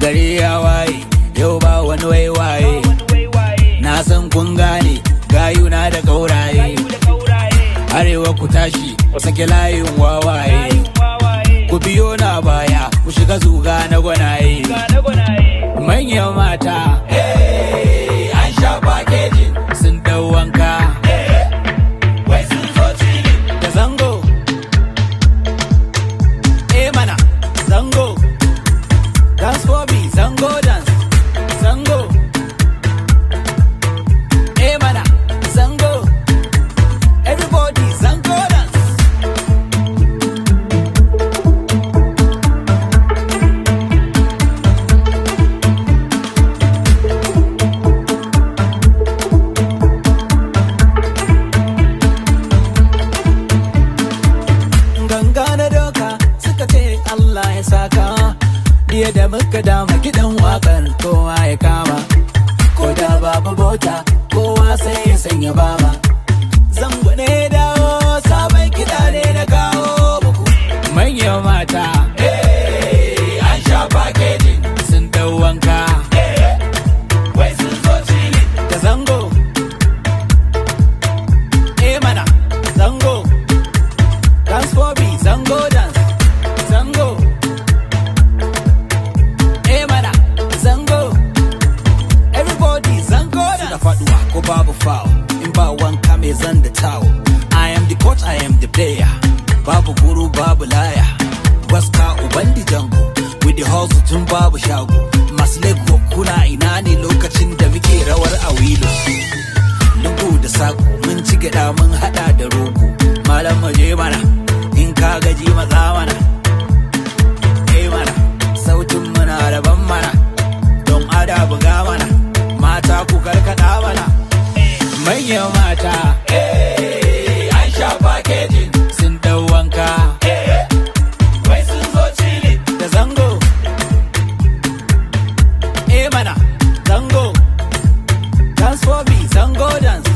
gari ya waye yau ba wani waiwaye na san kun gane gayuna da gauraye arewa ku tashi ku sake layin wawaye ku biyo na baya ku shiga zuga na gwanaye manyan mata da muka dama gidan wakar kowa ya kama ko da babu bota kowa sai ya sanya baba zango ne dawo sabon kiɗa ne na kawo muku manyan mata and the I am the coach, I am the player. Babu guru, babu laya. Baska ubandi jango. With the hustle tun babu shago. Masu lego kuna ina ne lokacin da muke rawar a wilo. Lungu da sako mun ci gyaɗa mun haɗa da rogo. Malam maje mana in ka gaji maza mana. Kai eh mana sautin rabon mana. Don ada buga mana. Mata ku karkada mana. Manyan mana. zango dance for me zango dance